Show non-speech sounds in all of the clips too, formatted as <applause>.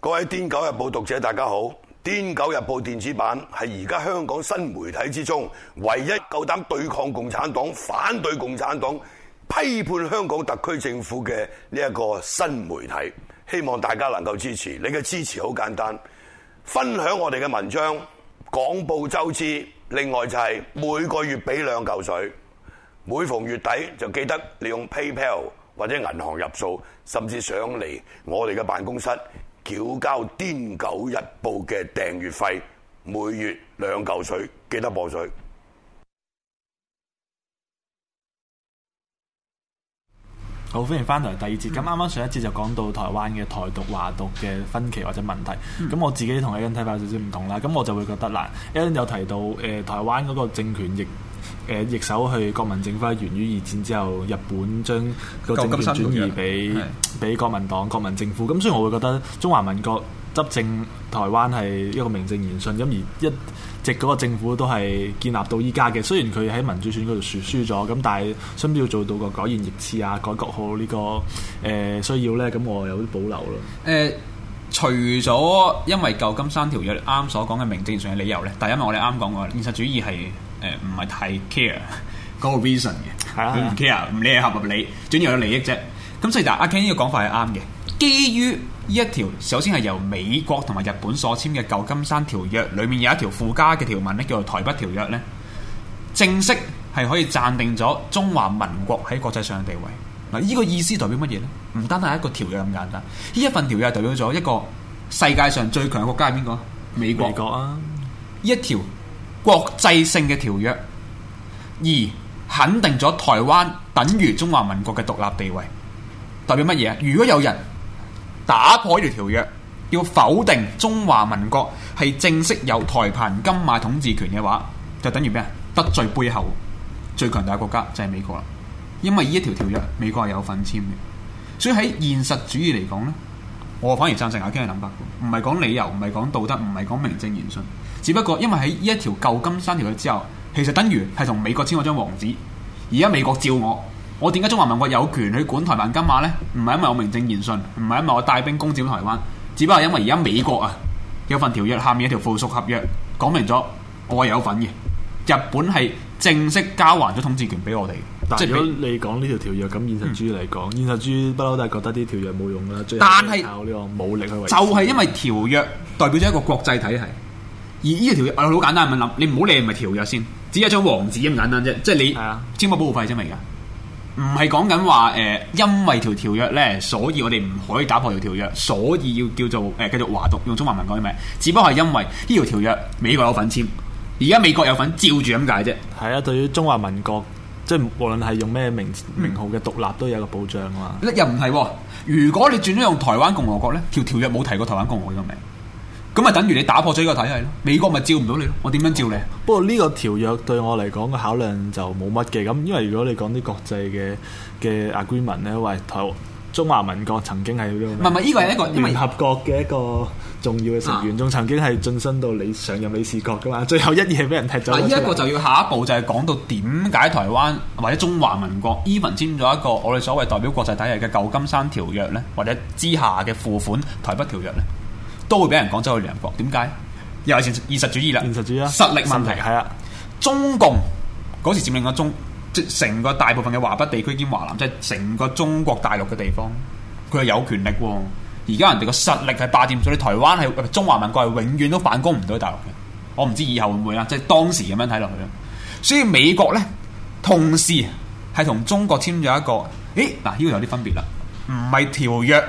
各位《癲狗日報》讀者，大家好，《癲狗日報》電子版係而家香港新媒體之中唯一夠膽對抗共產黨、反對共產黨、批判香港特區政府嘅呢一個新媒體。希望大家能夠支持，你嘅支持好簡單，分享我哋嘅文章廣布周知。另外就係每個月俾兩嚿水，每逢月底就記得利用 PayPal 或者銀行入數，甚至上嚟我哋嘅辦公室。繳交癲狗日報嘅訂閱費，每月兩嚿水，記得報水。好，歡迎翻嚟第二節。咁啱啱上一節就講到台灣嘅台獨、華獨嘅分歧或者問題。咁、嗯、我自己同阿 N 睇法有少少唔同啦。咁我就會覺得啦，阿 N 有提到誒、呃、台灣嗰個政權亦，誒、呃，易手去國民政府係源於二戰之後，日本將個政權轉移俾俾國民黨國民政府。咁所以我會覺得中華民國執政台灣係一個名正言順。咁而一直嗰個政府都係建立到依家嘅。雖然佢喺民主選舉度輸輸咗，咁、嗯、但係需唔需要做到個改憲易幟啊、改國號呢個誒、呃、需要呢？咁我有保留咯。誒、呃，除咗因為舊金山條約啱所講嘅名正言順嘅理由呢，但係因為我哋啱講過現實主義係。誒唔係太 care 嗰 <laughs> 個 reason 嘅，係啊，唔不 care 唔理合不合理，總要有利益啫。咁、啊、所以就阿、啊、Ken 呢個講法係啱嘅。基於呢一條，首先係由美國同埋日本所簽嘅舊金山條約裡面有一條附加嘅條文咧，叫做台北條約咧，正式係可以暫定咗中華民國喺國際上嘅地位。嗱、啊，呢、呢個意思代表乜嘢咧？唔單單係一個條約咁簡單，呢一份條約係代表咗一個世界上最強嘅國家係邊個？美國,美國啊，呢一條。國際性嘅條約，而肯定咗台灣等於中華民國嘅獨立地位，代表乜嘢？如果有人打破呢條條約，要否定中華民國係正式由台澎金馬統治權嘅話，就等於咩啊？得罪背後最強大國家就係、是、美國啦，因為呢一條條約，美國係有份簽嘅，所以喺現實主義嚟講呢，我反而贊成阿堅嘅諗法，唔係講理由，唔係講道德，唔係講名正言順，只不過因為喺呢一條舊金山條約之後，其實等於係同美國簽咗張黃紙。而家美國照我，我點解中華民國有權去管台灣金馬呢？唔係因為我名正言順，唔係因為我帶兵攻佔台灣，只不過因為而家美國啊有份條約下面一條附屬合約講明咗，我有份嘅。日本係正式交還咗統治權俾我哋。但係如果你講呢條條約咁現實主義嚟講，現實主義不嬲、嗯、都係覺得啲條約冇用啦，最靠呢個武力去維持就係、是、因為條約代表咗一個國際體系，嗯、而呢條約、嗯、我好簡單咁諗，你唔好理係咪條約先，只係張黃紙咁簡單啫。即係你簽個、嗯、保護費啫咪而家，唔係講緊話誒，因為條條約咧，所以我哋唔可以打破條條約，所以要叫做誒、呃、繼續華獨。用中華民國啲咩？只不過係因為呢條條約美國有份簽，而家美國有份照住咁解啫。係啊、嗯，對於中華民國。即係無論係用咩名名號嘅獨立都有個保障啊嘛，嗯、又唔係、啊？如果你轉咗用台灣共和國咧，條條約冇提過台灣共和國嘅名，咁咪等於你打破咗呢個體系咯，美國咪照唔到你咯？我點樣照你、啊嗯？不過呢個條約對我嚟講嘅考量就冇乜嘅，咁因為如果你講啲國際嘅嘅 agreement 咧，喂，台中華民國曾經係唔係唔係？呢個係一個聯合國嘅一個。重要嘅成員，仲、嗯、曾經係晉身到你上任理事國噶嘛？最後一夜俾人踢走。另一、啊這個就要下一步就係講到點解台灣或者中華民國 even 簽咗一個我哋所謂代表國際體系嘅舊金山條約呢，或者之下嘅付款台北條約呢，都會俾人趕走去聯合國？點解？又係現實主義啦，現實主義啊，實力問題係啦。是是是是中共嗰時佔領咗中，即係成個大部分嘅華北地區兼華南，即係成個中國大陸嘅地方，佢係有權力喎。而家人哋個實力係霸佔咗，你台灣係中華民國係永遠都反攻唔到大陸嘅。我唔知以後會唔會啦，即係當時咁樣睇落去啦。所以美國呢，同時係同中國簽咗一個，誒嗱，呢個有啲分別啦，唔係條約，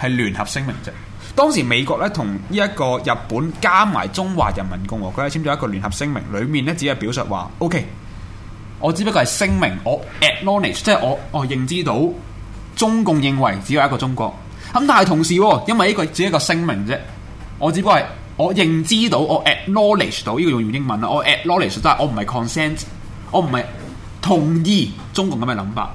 係聯合聲明啫。當時美國呢，同呢一個日本加埋中華人民共和國，佢係簽咗一個聯合聲明，裡面呢，只係表述話，OK，我只不過係聲明，我 acknowledge，即係我我認知到中共認為只有一個中國。咁但係同時喎、啊，因為呢個只係一個聲明啫，我只不過係我認知到，我 acknowledge 到呢個用唔用英文啦，我 acknowledge 即係我唔係 consent，我唔係同意中共咁嘅諗法。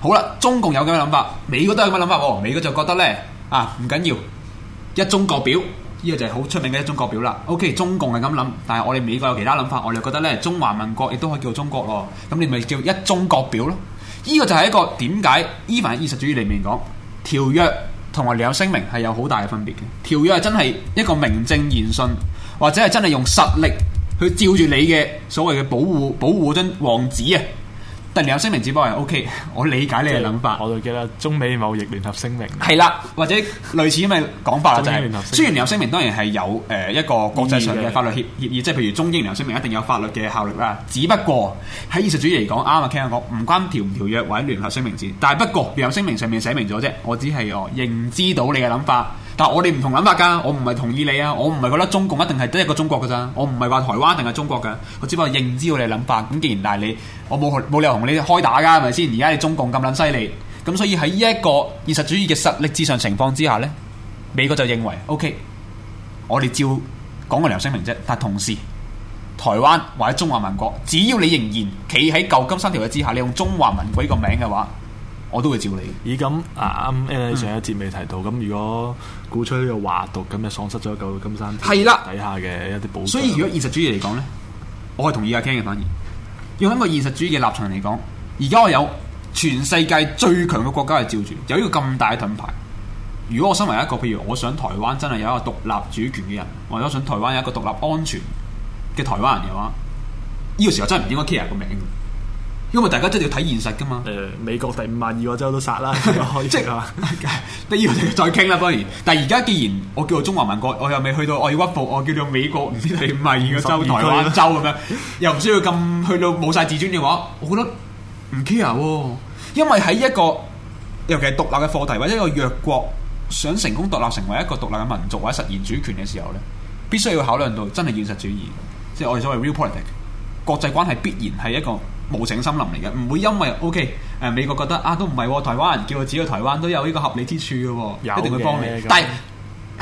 好啦，中共有咁嘅諗法，美國都有咁嘅諗法喎？美國就覺得咧啊，唔緊要一中國表，呢個就係好出名嘅一中國表啦。OK，中共係咁諗，但係我哋美國有其他諗法，我哋覺得咧，中華民國亦都可以叫做中國喎。咁你咪叫一中國表咯？呢個就係一個點解？依份現實主義裏面講條約。同埋你有聲明係有好大嘅分別嘅，條約係真係一個名正言順，或者係真係用實力去照住你嘅所謂嘅保護，保護張王紙啊！但你有聲明只不過係 OK，我理解你嘅諗法。就是、我就記得中美貿易聯合聲明。係啦， <laughs> 或者類似咁嘅講法就係、聯合聲明雖然有聲明當然係有誒、呃、一個國際上嘅法律協協議，的即係譬如中英聯合聲明一定有法律嘅效力啦。只不過喺現實主義嚟講，啱啱傾下講，唔關條唔條約或者聯合聲明字。但係不過聯合聲明上面寫明咗啫，我只係我認知到你嘅諗法。嗱，我哋唔同諗法噶，我唔係同意你啊，我唔係覺得中共一定係得一個中國噶咋，我唔係話台灣定係中國噶，我只不過認知我哋諗法。咁既然但係你，我冇冇理由同你開打噶，係咪先？而家你中共咁撚犀利，咁所以喺呢一個現實主義嘅實力之上情況之下呢，美國就認為 OK，我哋照講個良心聲明啫。但同時，台灣或者中華民國，只要你仍然企喺舊金山條約之下，你用中華民國呢個名嘅話，我都會照你。咦、嗯，咁、嗯、啊，啱、嗯、誒、嗯、上一節未提到，咁、嗯、如果鼓吹呢個華獨，咁就喪失咗舊金山的底下嘅一啲寶。所以如果以現實主義嚟講咧，我係同意阿 Ken 嘅，反而要喺個現實主義嘅立場嚟講。而家我有全世界最強嘅國家係照住，有呢個咁大嘅盾牌。如果我身為一個譬如我想台灣真係有一個獨立主權嘅人，或者想台灣有一個獨立安全嘅台灣人嘅話，呢、這個時候真係唔應該 care 個名。因為大家真係要睇現實噶嘛。誒，美國第五萬二個州都殺啦，開即啊！ <laughs> 第二，再傾啦，不如。但係而家既然我叫做中華民國，我又未去到我要屈服，我，affle，我叫做美國，唔知第五萬二個州、個州台灣州咁樣， <laughs> 又唔需要咁去到冇晒自尊嘅話，我覺得唔 care 啊。因為喺一個，尤其係獨立嘅課題或者一個弱國想成功獨立成為一個獨立嘅民族或者實現主權嘅時候咧，必須要考慮到真係現實主義，即係我哋所謂 real politics。國際關係必然係一個。無情森林嚟嘅，唔會因為 OK 誒美國覺得啊都唔係，哦、台灣人叫佢自己去台灣都有呢個合理之處嘅，哦，的一定會幫你。這樣 但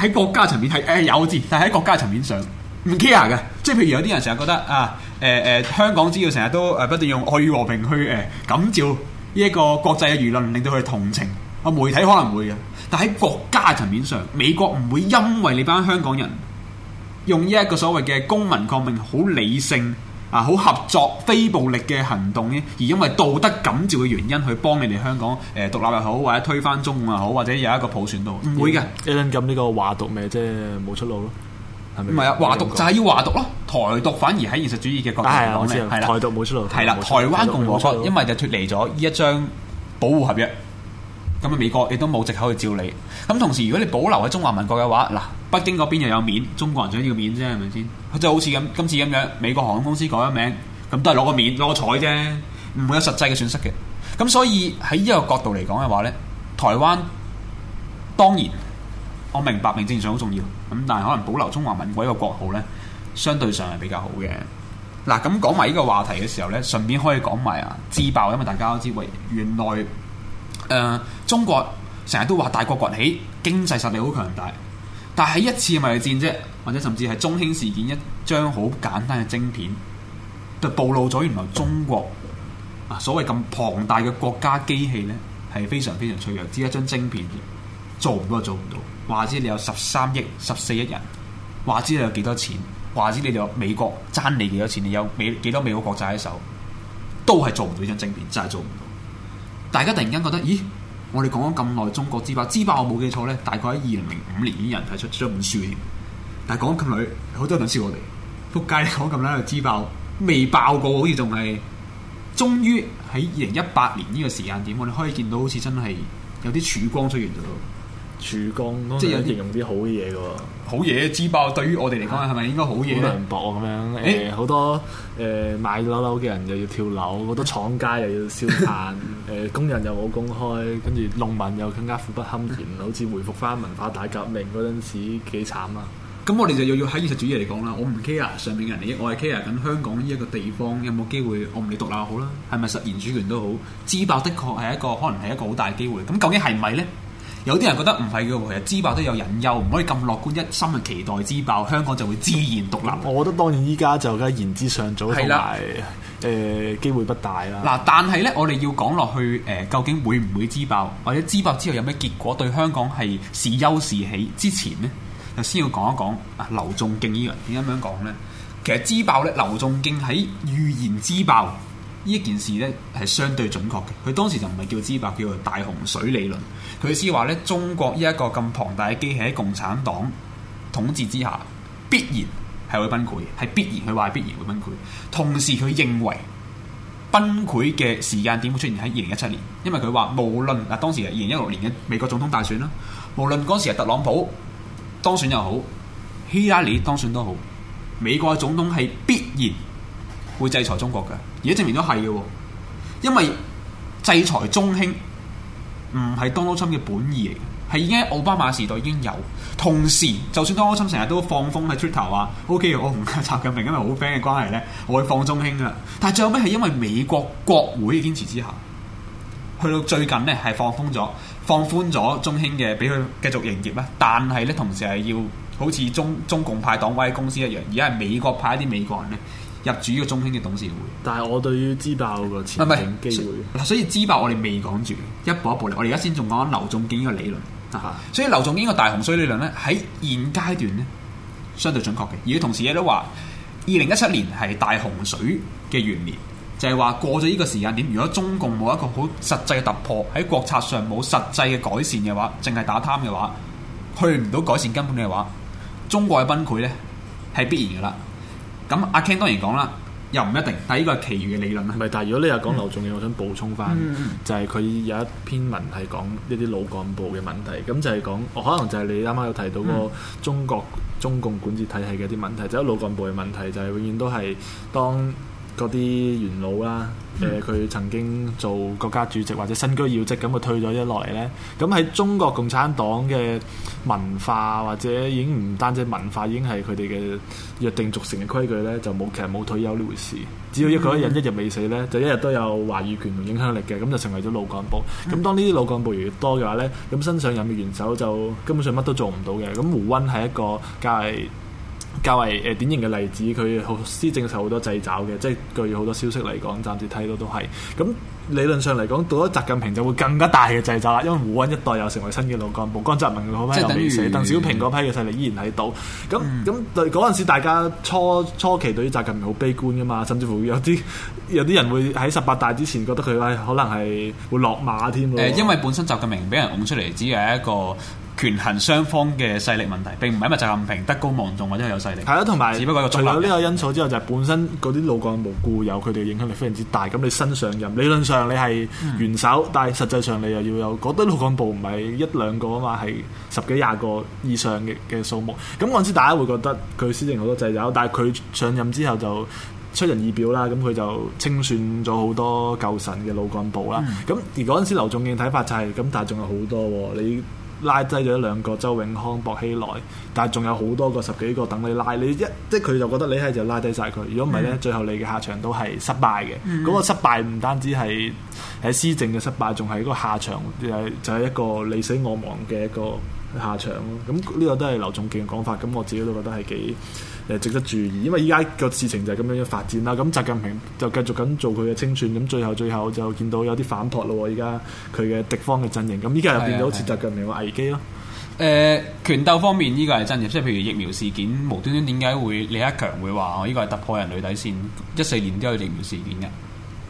喺國家層面係誒、呃、有字，但喺國家層面上唔 care 嘅，即係譬如有啲人成日覺得啊誒誒、呃、香港只要成日都誒不斷用愛與和平去誒感召呢一個國際嘅輿論，令到佢同情啊媒體可能會嘅，但喺國家層面上美國唔會因為你班香港人用呢一個所謂嘅公民抗命好理性。啊！好合作、非暴力嘅行動咧，而因為道德感召嘅原因，去幫你哋香港誒、呃、獨立又好，或者推翻中共又好，或者有一個普選度，唔會嘅。一輪咁呢個華獨咪即係冇出路咯，係咪？唔係啊，華獨就係要華獨咯，台獨反而喺現實主義嘅角度嚟講，係啦，台獨冇出路，係啦，台灣共和國因為就脫離咗呢一張保護合約。咁啊，美國亦都冇藉口去召你。咁同時，如果你保留喺中華民國嘅話，嗱，北京嗰邊又有面，中國人想要面啫，係咪先？佢就好似咁今次咁樣，美國航空公司改咗名，咁都係攞個面攞個彩啫，唔會有實際嘅損失嘅。咁所以喺呢個角度嚟講嘅話呢，台灣當然我明白名正言順好重要。咁但係可能保留中華民國一個國號呢，相對上係比較好嘅。嗱，咁講埋呢個話題嘅時候呢，順便可以講埋啊支爆，因為大家都知，喂原來。誒、呃，中國成日都話大國崛起，經濟實力好強大，但係一次貿易戰啫，或者甚至係中興事件一張好簡單嘅晶片，就暴露咗原來中國啊所謂咁龐大嘅國家機器呢，係非常非常脆弱，只一張晶片做唔到就做唔到。話知你有十三億、十四億人，話知你有幾多錢，話知你有美國爭你幾多錢，你有美幾多美國國債喺手，都係做唔到呢張晶片，真係做唔到。大家突然間覺得，咦？我哋講咗咁耐中國支爆，支爆我冇記錯咧，大概喺二零零五年已經有人提出咗本書。但係講咁耐，好多人笑我哋，撲街講咁耐，支爆未爆過，好似仲係。終於喺二零一八年呢個時間點，我哋可以見到好似真係有啲曙光出現咗。曙光，處公即係形容啲好嘢嘅喎。好嘢，支爆對於我哋嚟講係咪應該好嘢？好涼薄咁樣，誒好、欸呃、多誒、呃、買樓樓嘅人又要跳樓，好多廠家又要燒炭，誒、 <laughs> 呃、工人又冇工開，跟住農民又更加苦不堪言， <laughs> 好似回復翻文化大革命嗰陣時幾慘啊！咁我哋就又要喺現實主義嚟講啦，我唔 care 上面嘅人利益，我係 care 緊香港呢一個地方有冇機會，我唔理獨立好啦，係咪實現主權都好，支爆的確係一個可能係一個好大嘅機會。咁究竟係唔係咧？有啲人覺得唔係嘅，其實支爆都有隱憂，唔可以咁樂觀，一心去期待支爆，香港就會自然獨立。我覺得當然依家就梗言之尚早，同埋誒機會不大啦。嗱，但係咧，我哋要講落去誒、呃，究竟會唔會支爆，或者支爆之後有咩結果對香港係是憂是喜之前咧，就先要講一講啊，劉仲敬樣樣呢樣點樣講咧？其實支爆咧，劉仲敬喺預言支爆。呢件事呢係相對準確嘅，佢當時就唔係叫支爆，叫做大洪水理論。佢先話呢：「中國呢一個咁龐大嘅機器喺共產黨統治之下，必然係會崩潰嘅，係必然，佢話必然會崩潰。同時佢認為崩潰嘅時間點會出現喺二零一七年，因為佢話無論，嗱當時係二零一六年嘅美國總統大選啦，無論嗰時係特朗普當選又好，希拉里當選都好，美國嘅總統係必然會制裁中國嘅。而家證明咗係嘅，因為制裁中興唔係 Donald Trump 嘅本意嚟，係已經喺奧巴馬時代已經有。同時，就算 Donald Trump 成日都放風喺 Twitter 話：OK，我同習近平因為好 friend 嘅關係咧，我會放中興啊。但係最後尾係因為美國國會嘅堅持之下，去到最近咧係放風咗、放寬咗中興嘅，俾佢繼續營業啦。但係咧同時係要好似中中共派黨委公司一樣，而家係美國派一啲美國人咧。入主呢個中興嘅董事會，但係我對於支爆個前景機會，嗱，所以支爆我哋未講住，一步一步嚟，我哋而家先仲講緊劉仲敬呢個理論，啊、所以劉仲敬呢個大洪水理論咧，喺現階段咧相對準確嘅，而同時亦都話，二零一七年係大洪水嘅元年就係、是、話過咗呢個時間點，如果中共冇一個好實際嘅突破，喺國策上冇實際嘅改善嘅話，淨係打貪嘅話，去唔到改善根本嘅話，中國嘅崩潰咧係必然噶啦。咁阿、啊、Ken 當然講啦，又唔一定，但係呢個係其餘嘅理論啦。唔係， <noise> <noise> 但係如果你又講劉仲敬，我想補充翻，就係佢有一篇文係講一啲老幹部嘅問題。咁就係、是、講，可能就係你啱啱有提到個中國中共管治體系嘅啲問題，就係、是、老幹部嘅問題，就係永遠都係當嗰啲元老啦，誒佢、嗯呃、曾經做國家主席或者身居要職咁啊，退咗一落嚟咧，咁喺中國共產黨嘅文化或者已經唔單止文化，已經係佢哋嘅約定俗成嘅規矩呢，就冇其實冇退休呢回事。只要一個一人、嗯、一日未死呢，就一日都有話語權同影響力嘅，咁就成為咗老幹部。咁當呢啲老幹部越多嘅話呢，咁身上任嘅元首就根本上乜都做唔到嘅。咁胡溫係一個介，較為誒、呃、典型嘅例子，佢好施政受好多掣肘嘅，即係據好多消息嚟講，暫時睇到都係。咁理論上嚟講，到咗習近平就會更加大嘅掣肘啦，因為胡溫一代又成為新嘅老幹部，江澤民批又未死，鄧小平嗰批嘅勢力依然喺度。咁咁對嗰陣時，大家初初期對習近平好悲觀㗎嘛，甚至乎有啲有啲人會喺十八大之前覺得佢可能係會落馬添、呃。因為本身習近平俾人㧬出嚟，只係一個。權衡雙方嘅勢力問題，並唔係因為習近平德高望重或者有勢力，係啊、嗯，同埋，只不過仲有呢個因素之後就是、本身嗰啲老幹部固有佢哋影響力非常之大。咁你新上任，理論上你係元首，嗯、但係實際上你又要有，嗰堆老幹部唔係一兩個啊嘛，係十幾廿個以上嘅嘅數目。咁嗰陣時大家會覺得佢施政好多掣肘，但係佢上任之後就出人意表啦。咁佢就清算咗好多舊神嘅老幹部啦。咁、嗯、而嗰陣時劉仲敬睇法就係、是、咁，但係仲有好多你。拉低咗一兩個，周永康、薄熙來，但係仲有好多個十幾個等你拉，你一即係佢就覺得你係就拉低晒佢。如果唔係呢，mm. 最後你嘅下場都係失敗嘅。嗰、mm. 個失敗唔單止係喺施政嘅失敗，仲係一個下場就係、就係、一個你死我亡嘅一個下場咯。咁呢個都係劉仲敬講法，咁我自己都覺得係幾值得注意，因為依家個事情就係咁樣嘅發展啦。咁習近平就繼續咁做佢嘅清算，咁最後最後就見到有啲反撲咯。依家佢嘅敵方嘅陣營，咁依家又變到好似習近平話危機咯。誒、呃，權鬥方面依、這個係真嘅，即係譬如疫苗事件無端端點解會李克強會話我依個係突破人類底線？一四年都有疫苗事件嘅，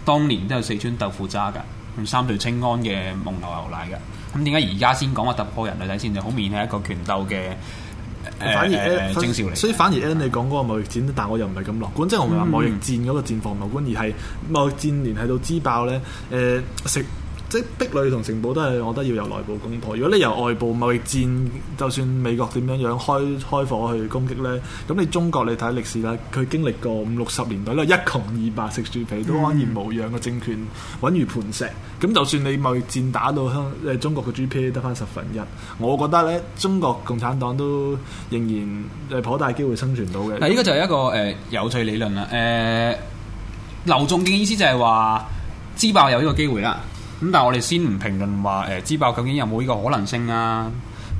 當年都有四川豆腐渣㗎，同三聚氰胺嘅蒙牛牛奶嘅。咁點解而家先講個突破人類底線就好面係一個權鬥嘅？反而，所以反而呃、呃、你講嗰個貿易戰，但係我又唔係咁樂觀。即係、嗯、我唔係話貿易戰嗰個戰況樂觀，而係貿易戰聯繫到支爆咧。誒、呃，食。即係壁壘同城堡都係，我覺得要由內部攻破。如果你由外部，貿易戰，就算美國點樣樣開開火去攻擊呢？咁你中國你睇歷史啦，佢經歷過五六十年代咧，一窮二白豬，食樹皮都安然無恙嘅，政權穩如磐石。咁就算你貿易戰打到香中國嘅 GPA 得翻十分一，我覺得呢，中國共產黨都仍然係好大機會生存到嘅。但呢個就係一個誒、呃、有趣理論啦。誒、呃，劉仲敬嘅意思就係話支爆有呢個機會啦。咁但係我哋先唔評論話誒支爆究竟有冇呢個可能性啊？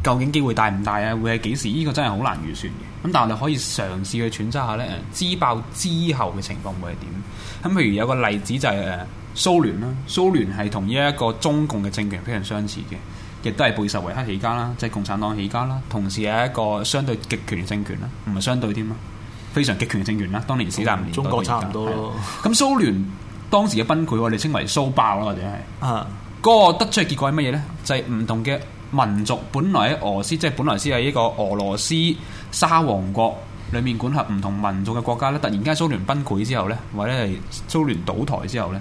究竟機會大唔大啊？會係幾時？呢個真係好難預算嘅。咁但係我哋可以嘗試去揣測下咧，支爆之後嘅情況會係點？咁譬如有個例子就係誒蘇聯啦，蘇聯係同呢一個中共嘅政權非常相似嘅，亦都係布爾什維克起家啦，即係共產黨起家啦，同時係一個相對極權政權啦，唔係相對添啊，非常極權政權啦。當年史達林中國差唔多咯。咁蘇聯。當時嘅崩潰，我哋稱為蘇爆啦，或者係啊，嗰個、uh. 得出嘅結果係乜嘢呢？就係、是、唔同嘅民族，本來喺俄羅斯，即、就、係、是、本來先係一個俄羅斯沙皇國裏面管轄唔同民族嘅國家咧。突然間蘇聯崩潰之後呢，或者係蘇聯倒台之後呢，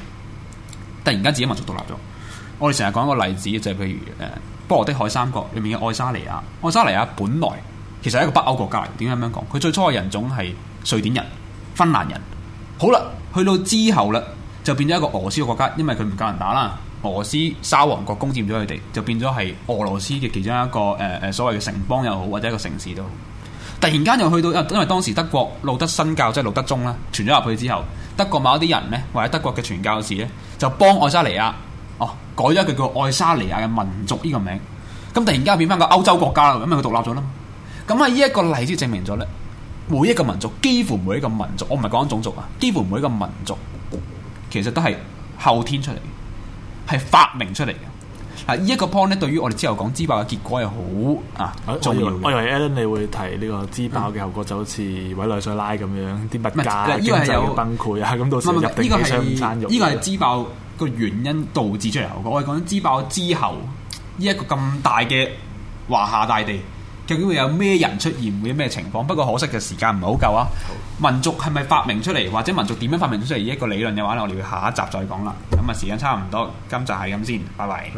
突然間自己民族獨立咗。我哋成日講一個例子，就係、是、譬如誒波羅的海三國裏面嘅愛沙尼亞，愛沙尼亞本來其實係一個北歐國家，點解咁樣講？佢最初嘅人種係瑞典人、芬蘭人。好啦，去到之後啦。就變咗一個俄羅斯國家，因為佢唔夠人打啦。俄羅斯沙皇國攻佔咗佢哋，就變咗係俄羅斯嘅其中一個誒誒、呃、所謂嘅城邦又好，或者一個城市都好。突然間又去到，因為當時德國路德新教即係路德宗啦，傳咗入去之後，德國某一啲人呢，或者德國嘅傳教士呢，就幫愛沙尼亞哦改咗一句叫愛沙尼亞嘅民族呢個名。咁突然間變翻個歐洲國家啦，咁咪佢獨立咗啦。咁啊，呢一個例子證明咗呢，每一個民族，幾乎每一個民族，我唔係講種族啊，幾乎每一個民族。其實都係後天出嚟，係發明出嚟嘅。啊，依、這、一個 point 咧，對於我哋之後講支爆嘅結果係好啊重要。我以,我以為 Allen 你會提呢個支爆嘅後果就好似委內瑞拉咁樣，啲、嗯、物價價、這個、經濟崩潰啊，咁到時一定傷唔生肉，呢個係支、這個、爆個原因導致出嚟後果。我哋講支爆之後，呢一個咁大嘅華夏大地。究竟會有咩人出現，會有咩情況？不過可惜嘅時間唔係好夠啊！好民族係咪發明出嚟，或者民族點樣發明出嚟？呢一個理論嘅話，我哋會下一集再講啦。咁啊，時間差唔多，今集係咁先，拜拜。